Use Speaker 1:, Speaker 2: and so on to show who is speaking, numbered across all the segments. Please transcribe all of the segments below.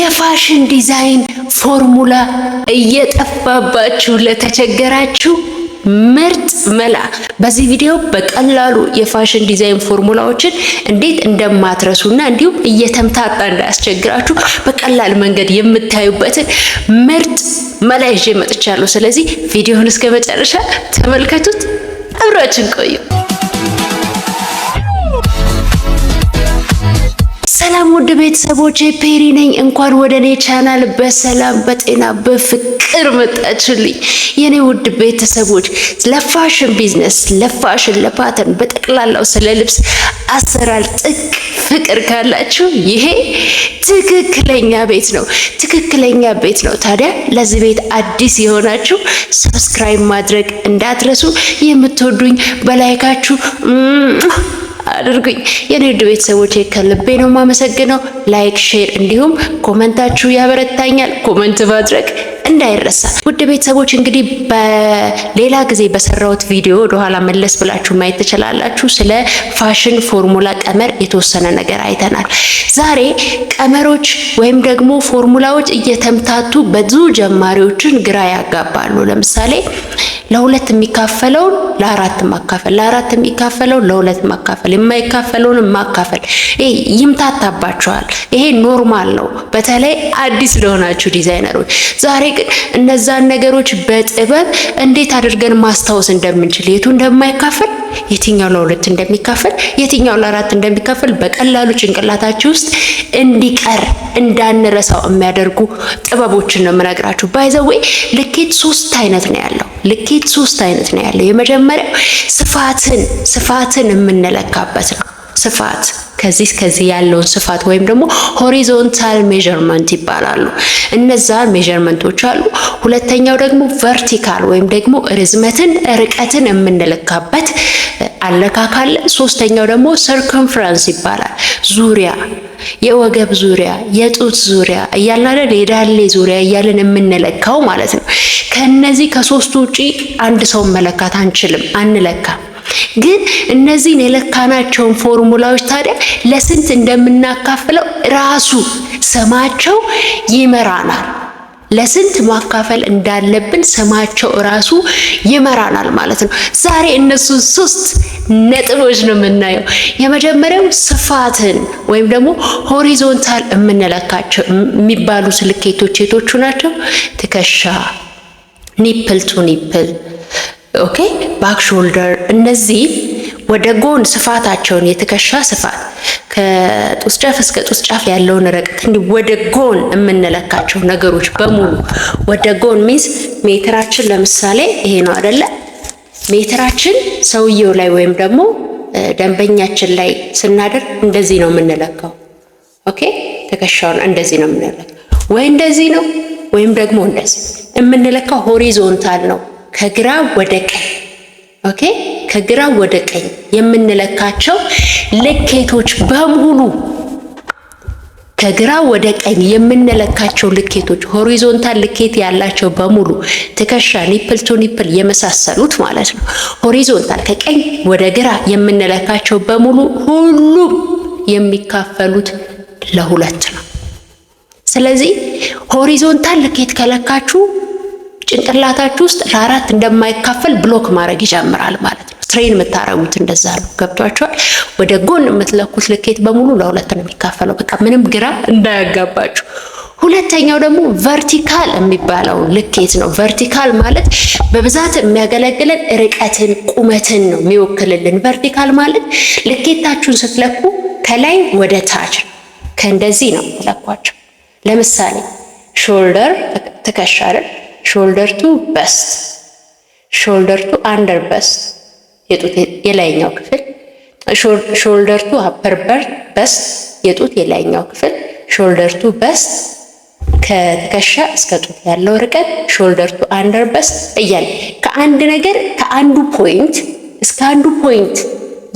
Speaker 1: የፋሽን ዲዛይን ፎርሙላ እየጠፋባችሁ ለተቸገራችሁ ምርጥ መላ። በዚህ ቪዲዮ በቀላሉ የፋሽን ዲዛይን ፎርሙላዎችን እንዴት እንደማትረሱና እንዲሁም እየተምታጣ እንዳያስቸግራችሁ በቀላል መንገድ የምታዩበትን ምርጥ መላ ይዤ መጥቻለሁ። ስለዚህ ቪዲዮውን እስከ መጨረሻ ተመልከቱት፣ አብራችን ቆዩ። ሰላም ውድ ቤተሰቦቼ ፔሪ ነኝ። እንኳን ወደ እኔ ቻናል በሰላም በጤና በፍቅር መጣችልኝ። የኔ ውድ ቤተሰቦች ለፋሽን ቢዝነስ፣ ለፋሽን፣ ለፓተርን በጠቅላላው ስለ ልብስ አሰራር ጥቅ ፍቅር ካላችሁ ይሄ ትክክለኛ ቤት ነው፣ ትክክለኛ ቤት ነው። ታዲያ ለዚህ ቤት አዲስ የሆናችሁ ሰብስክራይብ ማድረግ እንዳትረሱ። የምትወዱኝ በላይካችሁ አድርጉኝ። የኔ ውድ ቤተሰቦቼ ከልቤ ነው የማመሰግነው። ላይክ፣ ሼር እንዲሁም ኮመንታችሁ ያበረታኛል። ኮመንት ማድረግ እንዳይረሳ። ውድ ቤተሰቦች እንግዲህ በሌላ ጊዜ በሰራሁት ቪዲዮ ወደኋላ መለስ ብላችሁ ማየት ትችላላችሁ። ስለ ፋሽን ፎርሙላ ቀመር የተወሰነ ነገር አይተናል። ዛሬ ቀመሮች ወይም ደግሞ ፎርሙላዎች እየተምታቱ ብዙ ጀማሪዎችን ግራ ያጋባሉ። ለምሳሌ ለሁለት የሚካፈለውን ለአራት ማካፈል፣ ለአራት የሚካፈለውን ለሁለት ማካፈል፣ የማይካፈለውን ማካፈል ይምታታባቸዋል። ይሄ ኖርማል ነው፣ በተለይ አዲስ ለሆናችሁ ዲዛይነሮች። ዛሬ ግን እነዛን ነገሮች በጥበብ እንዴት አድርገን ማስታወስ እንደምንችል የቱ እንደማይካፈል የትኛው ለሁለት እንደሚካፈል የትኛው ለአራት እንደሚካፈል በቀላሉ ጭንቅላታችሁ ውስጥ እንዲቀር እንዳንረሳው የሚያደርጉ ጥበቦችን ነው የምነግራችሁ። ባይዘዌ ልኬት ሶስት አይነት ነው ያለው። ልኬት ሶስት አይነት ነው ያለው። የመጀመሪያው ስፋትን ስፋትን የምንለካበት ነው። ስፋት ከዚህ እስከዚህ ያለውን ስፋት ወይም ደግሞ ሆሪዞንታል ሜዠርመንት ይባላሉ። እነዛ ሜዠርመንቶች አሉ። ሁለተኛው ደግሞ ቨርቲካል ወይም ደግሞ ርዝመትን፣ ርቀትን የምንለካበት አለካካለ። ሶስተኛው ደግሞ ሰርክምፍረንስ ይባላል። ዙሪያ፣ የወገብ ዙሪያ፣ የጡት ዙሪያ እያልን አይደል የዳሌ ዙሪያ እያልን የምንለካው ማለት ነው። ከነዚህ ከሶስቱ ውጪ አንድ ሰውን መለካት አንችልም፣ አንለካም። ግን እነዚህን የለካናቸውን ፎርሙላዎች ታዲያ ለስንት እንደምናካፍለው ራሱ ስማቸው ይመራናል። ለስንት ማካፈል እንዳለብን ስማቸው ራሱ ይመራናል ማለት ነው። ዛሬ እነሱ ሶስት ነጥቦች ነው የምናየው። የመጀመሪያው ስፋትን ወይም ደግሞ ሆሪዞንታል የምንለካቸው የሚባሉት ልኬቶች ሴቶቹ ናቸው። ትከሻ፣ ኒፕል ቱ ኒፕል ኦኬ ባክ ሾልደር፣ እነዚህ ወደ ጎን ስፋታቸውን የትከሻ ስፋት ከጡስ ጫፍ እስከ ጡስ ጫፍ ያለውን ርቀት እንዲህ ወደ ጎን የምንለካቸው ነገሮች በሙሉ ወደ ጎን ሚንስ ሜትራችን ለምሳሌ ይሄ ነው አይደለ? ሜትራችን ሰውየው ላይ ወይም ደግሞ ደንበኛችን ላይ ስናደርግ እንደዚህ ነው የምንለካው። ኦኬ ትከሻውን እንደዚህ ነው የምንለካው፣ ወይ እንደዚህ ነው ወይም ደግሞ እንደዚህ የምንለካው ሆሪዞንታል ነው። ከግራ ወደ ቀኝ ኦኬ፣ ከግራ ወደ ቀኝ የምንለካቸው ልኬቶች በሙሉ ከግራ ወደ ቀኝ የምንለካቸው ልኬቶች ሆሪዞንታል ልኬት ያላቸው በሙሉ ትከሻ፣ ኒፕል ቱ ኒፕል የመሳሰሉት ማለት ነው። ሆሪዞንታል ከቀኝ ወደ ግራ የምንለካቸው በሙሉ ሁሉም የሚካፈሉት ለሁለት ነው። ስለዚህ ሆሪዞንታል ልኬት ከለካችሁ ጭንቅላታችሁ ውስጥ ለአራት እንደማይካፈል ብሎክ ማድረግ ይጀምራል ማለት ነው። ትሬን የምታረጉት እንደዛ ነው። ገብቷቸዋል። ወደ ጎን የምትለኩት ልኬት በሙሉ ለሁለት ነው የሚካፈለው። በቃ ምንም ግራ እንዳያጋባችሁ። ሁለተኛው ደግሞ ቨርቲካል የሚባለው ልኬት ነው። ቨርቲካል ማለት በብዛት የሚያገለግለን ርቀትን፣ ቁመትን ነው የሚወክልልን። ቨርቲካል ማለት ልኬታችሁን ስትለኩ ከላይ ወደ ታች ከእንደዚህ ነው የምትለኳቸው። ለምሳሌ ሾልደር ትከሻ አይደል ሾልደር ቱ በስት፣ ሾልደር ቱ አንደር በስት የጡት የላይኛው ክፍል፣ ሾልደር ቱ አፐር በስት የጡት የላይኛው ክፍል፣ ሾልደር ቱ በስት ከትከሻ እስከ ጡት ያለው ርቀት፣ ሾልደር ቱ አንደር በስት እያለ ከአንድ ነገር ከአንዱ ፖይንት እስከ አንዱ ፖይንት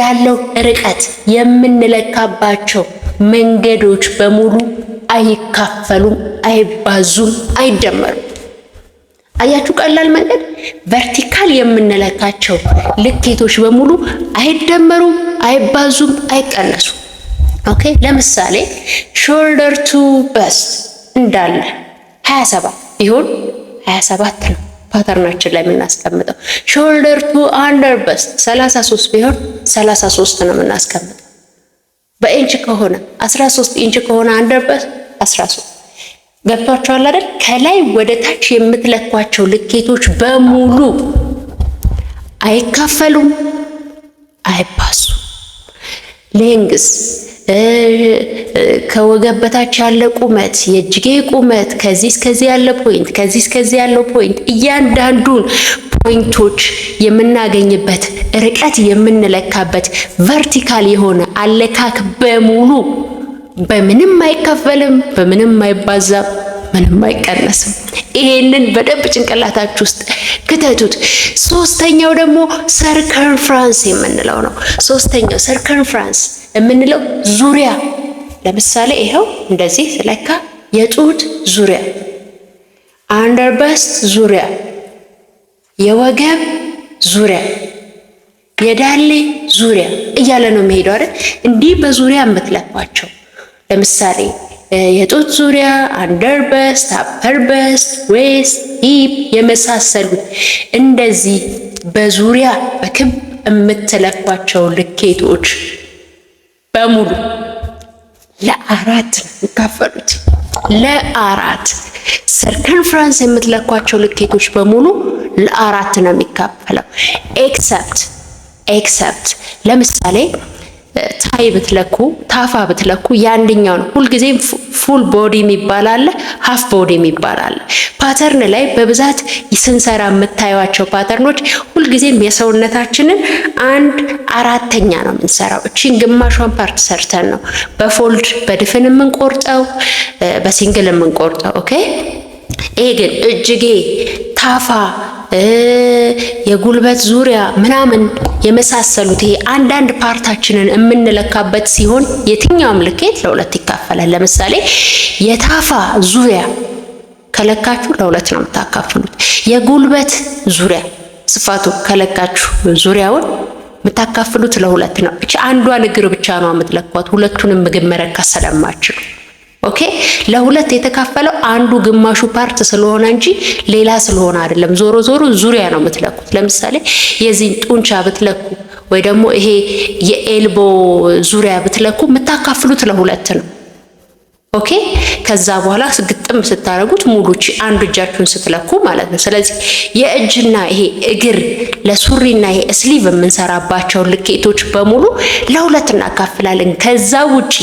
Speaker 1: ያለው ርቀት የምንለካባቸው መንገዶች በሙሉ አይካፈሉም፣ አይባዙም፣ አይደመሩም። አያችሁ፣ ቀላል መንገድ። ቨርቲካል የምንለካቸው ልኬቶች በሙሉ አይደመሩም፣ አይባዙም፣ አይቀነሱም። ኦኬ። ለምሳሌ ሾልደር ቱ በስ እንዳለ 27 ቢሆን 27 ነው ፓተርናችን ላይ የምናስቀምጠው። ሾልደር ቱ አንደር በስ 33 ቢሆን 33 ነው የምናስቀምጠው። በኢንች ከሆነ 13 ኢንች ከሆነ አንደር በስ 13 ገብቷቸዋል አይደል? ከላይ ወደ ታች የምትለኳቸው ልኬቶች በሙሉ አይካፈሉም፣ አይባሱ ሌንግስ ከወገብ በታች ያለ ቁመት፣ የእጅጌ ቁመት፣ ከዚህ እስከዚህ ያለ ፖይንት፣ ከዚህ እስከዚህ ያለው ፖይንት፣ እያንዳንዱን ፖይንቶች የምናገኝበት ርቀት የምንለካበት ቨርቲካል የሆነ አለካክ በሙሉ በምንም አይከፈልም፣ በምንም አይባዛም፣ ምንም አይቀነስም። ይሄንን በደንብ ጭንቅላታችሁ ውስጥ ክተቱት። ሶስተኛው ደግሞ ሰርከንፍራንስ የምንለው ነው። ሶስተኛው ሰርከንፍራንስ የምንለው ዙሪያ። ለምሳሌ ይኸው እንደዚህ ስለካ የጡት ዙሪያ፣ አንደርበስት ዙሪያ፣ የወገብ ዙሪያ የዳሌ ዙሪያ እያለ ነው የሚሄደው አይደል? እንዲህ በዙሪያ የምትለኳቸው ለምሳሌ የጡት ዙሪያ፣ አንደርበስት፣ በስት፣ ዌስት ሂፕ የመሳሰሉት እንደዚህ በዙሪያ በክብ የምትለኳቸው ልኬቶች በሙሉ ለአራት ነው የሚካፈሉት። ለአራት ሰርከንፍራንስ የምትለኳቸው ልኬቶች በሙሉ ለአራት ነው የሚካፈለው ኤክሰፕት ኤክሰፕት ለምሳሌ ታይ ብትለኩ ታፋ ብትለኩ የአንደኛውን ሁልጊዜ ፉል ቦዲ የሚባል አለ፣ ሀፍ ቦዲ የሚባል አለ። ፓተርን ላይ በብዛት ስንሰራ የምታዩቸው ፓተርኖች ሁልጊዜም የሰውነታችንን አንድ አራተኛ ነው የምንሰራው። እቺን ግማሿን ፓርት ሰርተን ነው በፎልድ በድፍን የምንቆርጠው፣ በሲንግል የምንቆርጠው። ኦኬ ይሄ ግን እጅጌ ታፋ የጉልበት ዙሪያ ምናምን የመሳሰሉት ይሄ አንዳንድ ፓርታችንን የምንለካበት ሲሆን የትኛውም ልኬት ለሁለት ይካፈላል። ለምሳሌ የታፋ ዙሪያ ከለካችሁ ለሁለት ነው የምታካፍሉት። የጉልበት ዙሪያ ስፋቱ ከለካችሁ ዙሪያውን የምታካፍሉት ለሁለት ነው። እቺ አንዷን እግር ብቻ ነው የምትለኳት፣ ሁለቱንም ምግብ መረካ ሰለማችሁ ኦኬ ለሁለት የተካፈለው አንዱ ግማሹ ፓርት ስለሆነ እንጂ ሌላ ስለሆነ አይደለም። ዞሮ ዞሮ ዙሪያ ነው የምትለኩት። ለምሳሌ የዚህን ጡንቻ ብትለኩ ወይ ደግሞ ይሄ የኤልቦ ዙሪያ ብትለኩ የምታካፍሉት ለሁለት ነው። ኦኬ ከዛ በኋላ ግጥም ስታደርጉት ሙሉ አንዱ እጃችሁን ስትለኩ ማለት ነው። ስለዚህ የእጅና ይሄ እግር ለሱሪና ይሄ እስሊቭ የምንሰራባቸው ልኬቶች በሙሉ ለሁለት እናካፍላለን። ከዛ ውጪ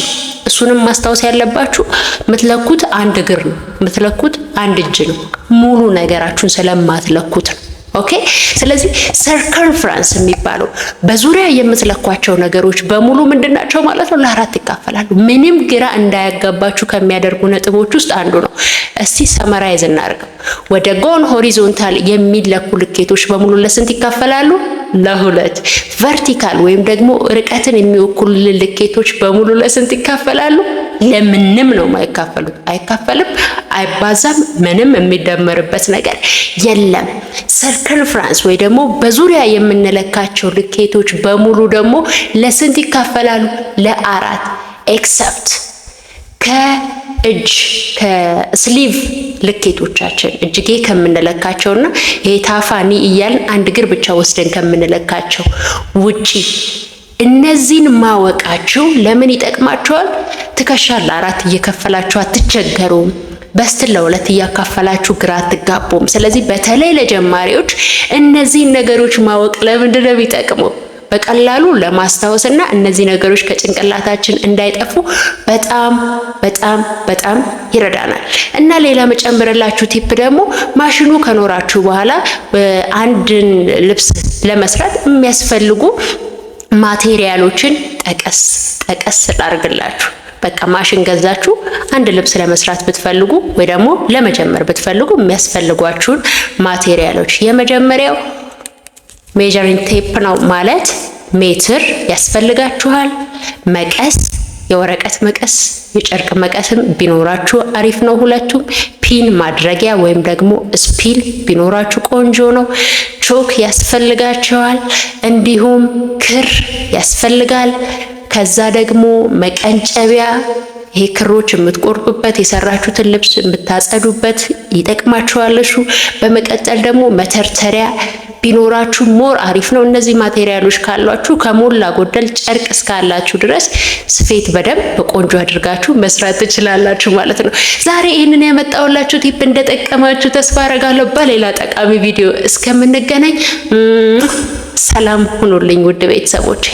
Speaker 1: እሱንም ማስታወስ ያለባችሁ የምትለኩት አንድ እግር ነው፣ የምትለኩት አንድ እጅ ነው። ሙሉ ነገራችሁን ስለማትለኩት ነው። ኦኬ። ስለዚህ ሰርከምፍራንስ የሚባለው በዙሪያ የምትለኳቸው ነገሮች በሙሉ ምንድን ናቸው ማለት ነው? ለአራት ይካፈላሉ። ምንም ግራ እንዳያጋባችሁ ከሚያደርጉ ነጥቦች ውስጥ አንዱ ነው። እስቲ ሰመራይዝ እናደርገው። ወደ ጎን ሆሪዞንታል የሚለኩ ልኬቶች በሙሉ ለስንት ይካፈላሉ? ለሁለት ቨርቲካል ወይም ደግሞ ርቀትን የሚወክሉልን ልኬቶች በሙሉ ለስንት ይካፈላሉ? ለምንም ነው የማይካፈሉት። አይካፈልም፣ አይባዛም፣ ምንም የሚደመርበት ነገር የለም። ሰርከንፍራንስ ወይ ደግሞ በዙሪያ የምንለካቸው ልኬቶች በሙሉ ደግሞ ለስንት ይካፈላሉ? ለአራት ኤክሰፕት ከ እጅ ከስሊቭ ልኬቶቻችን እጅጌ ከምንለካቸው ይሄ ታፋኒ እያልን አንድ እግር ብቻ ወስደን ከምንለካቸው ውጪ እነዚህን ማወቃችሁ ለምን ይጠቅማችኋል? ትከሻ ለአራት እየከፈላችሁ አትቸገሩም። በስትን ለሁለት እያካፈላችሁ ግራ አትጋቡም። ስለዚህ በተለይ ለጀማሪዎች እነዚህን ነገሮች ማወቅ ለምንድን ነው የሚጠቅመው? በቀላሉ ለማስታወስ እና እነዚህ ነገሮች ከጭንቅላታችን እንዳይጠፉ በጣም በጣም በጣም ይረዳናል። እና ሌላ መጨምርላችሁ ቲፕ ደግሞ ማሽኑ ከኖራችሁ በኋላ አንድን ልብስ ለመስራት የሚያስፈልጉ ማቴሪያሎችን ጠቀስ ጠቀስ ላርግላችሁ። በቃ ማሽን ገዛችሁ አንድ ልብስ ለመስራት ብትፈልጉ ወይ ደግሞ ለመጀመር ብትፈልጉ የሚያስፈልጓችሁን ማቴሪያሎች የመጀመሪያው ሜጀሪንግ ቴፕ ነው ማለት ሜትር ያስፈልጋችኋል። መቀስ የወረቀት መቀስ የጨርቅ መቀስም ቢኖራችሁ አሪፍ ነው። ሁለቱም ፒን ማድረጊያ ወይም ደግሞ ስፒል ቢኖራችሁ ቆንጆ ነው። ቾክ ያስፈልጋችኋል። እንዲሁም ክር ያስፈልጋል። ከዛ ደግሞ መቀንጨቢያ ይሄ ክሮች የምትቆርጡበት የሰራችሁትን ልብስ የምታጸዱበት ይጠቅማችኋል። እሱ በመቀጠል ደግሞ መተርተሪያ ቢኖራችሁ ሞር አሪፍ ነው። እነዚህ ማቴሪያሎች ካሏችሁ ከሞላ ጎደል ጨርቅ እስካላችሁ ድረስ ስፌት በደንብ በቆንጆ አድርጋችሁ መስራት ትችላላችሁ ማለት ነው። ዛሬ ይህንን ያመጣሁላችሁ ቲፕ እንደጠቀማችሁ ተስፋ አረጋለሁ። በሌላ ጠቃሚ ቪዲዮ እስከምንገናኝ ሰላም ሁኑልኝ ውድ ቤተሰቦች።